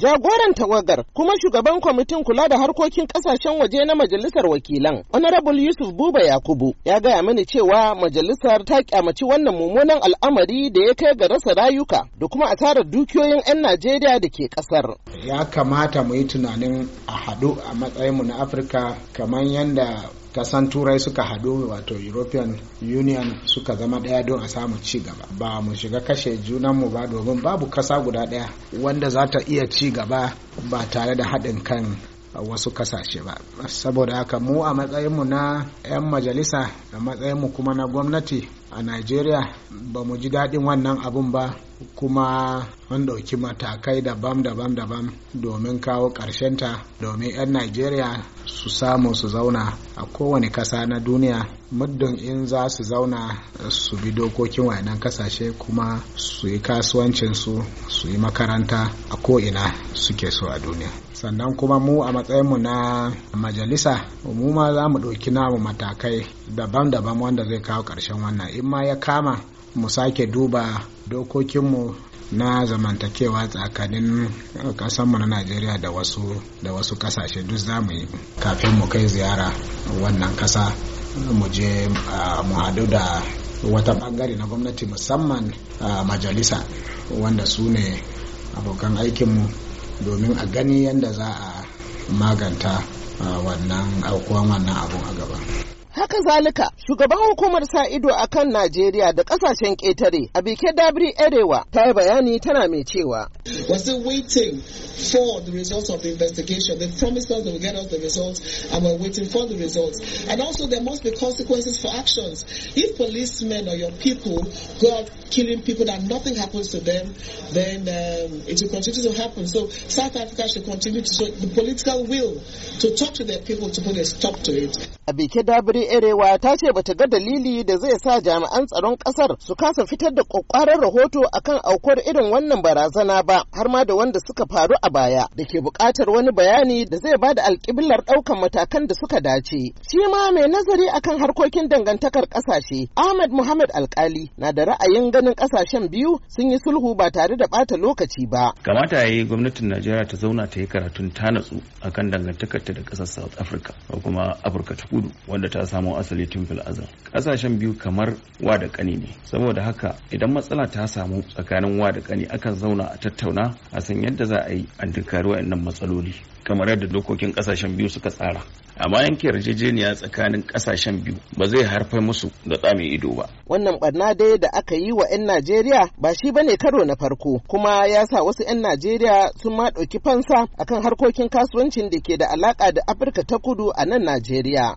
Jagoran tawagar kuma shugaban kwamitin kula da harkokin kasashen waje na majalisar wakilan, Honorable Yusuf Buba Yakubu, ya gaya mini cewa majalisar ta kyamaci wannan mummunan al'amari da ya kai ga rasa rayuka da kuma asarar dukiyoyin 'yan Najeriya da ke kasar. Ya kamata mu yi tunanin a haɗu a matsayinmu na afirka kamar yadda kasan turai suka haɗu wato european union suka zama ɗaya don a samu ci gaba ba mu shiga kashe junan mu ba domin babu kasa guda ɗaya wanda za ta iya ci gaba ba tare da haɗin kan wasu kasashe ba saboda haka mu a matsayinmu na 'yan majalisa a matsayinmu kuma na gwamnati a nigeria ba mu ji daɗin wannan abun ba kuma an ɗauki matakai daban-daban-daban domin kawo ta domin 'yan najeriya su samu su zauna a kowane ƙasa na duniya muddin in za su zauna su bi dokokin wayannan kasashe kuma su yi kasuwancinsu su yi makaranta a ko'ina suke so a duniya sannan kuma mu a matsayinmu na majalisa mu ma za mu ɗauki namu matakai daban-daban wanda zai kawo ƙarshen wannan in ma ya kama mu sake duba dokokinmu na zamantakewa tsakanin kasanmu na najeriya da wasu da wasu kasashe duk za mu yi kafin mu kai ziyara wannan ƙasa mu je mu hadu da wata bangare na gwamnati musamman majalisa wanda su ne abokan aikinmu domin a gani yadda za a maganta wannan aukuwan wannan abu a gaba Haka zalika, shugaban hukumar sa ido a kan Najeriya da kasashen ƙetare a bike Dabri Erewa ta yi bayani tana mai cewa. We're still waiting for the results of the investigation. They promised us they will get us the results and we're waiting for the results. And also there must be consequences for actions. If policemen or your people go out killing people and nothing happens to them, then um, it will continue to happen. So South Africa should continue to show the political will to talk to their people to put a stop to it. A bikin Dabiri Erewa ta ce bata ga dalili da zai sa jami'an tsaron kasar su kasa fitar da kwakwaran rahoto akan aukuwar irin wannan barazana ba har ma da wanda suka faru a baya da ke bukatar wani bayani da zai bada alƙiblar ɗaukan matakan da suka dace. Shi ma mai nazari akan harkokin dangantakar ƙasashe Ahmad Muhammad Alkali na da ra'ayin ganin ƙasashen biyu sun yi sulhu ba tare da bata lokaci ba. Kamata ya gwamnatin Najeriya ta zauna ta yi karatun ta natsu akan dangantakarta da ƙasar South Africa ko kuma africa kudu wanda ta samu asali tun fil azal kasashen biyu kamar wa da kani ne saboda haka idan matsala ta samu tsakanin wa da kani akan zauna a tattauna a san yadda za a yi a tunkari waɗannan matsaloli kamar yadda dokokin kasashen biyu suka tsara amma yanke yarjejeniya tsakanin kasashen biyu ba zai haifar musu da tsami ido ba wannan barna dai da aka yi wa 'yan najeriya ba shi bane karo na farko kuma ya sa wasu 'yan najeriya sun ma ɗauki fansa akan harkokin kasuwancin da ke da alaka da afirka ta kudu a nan najeriya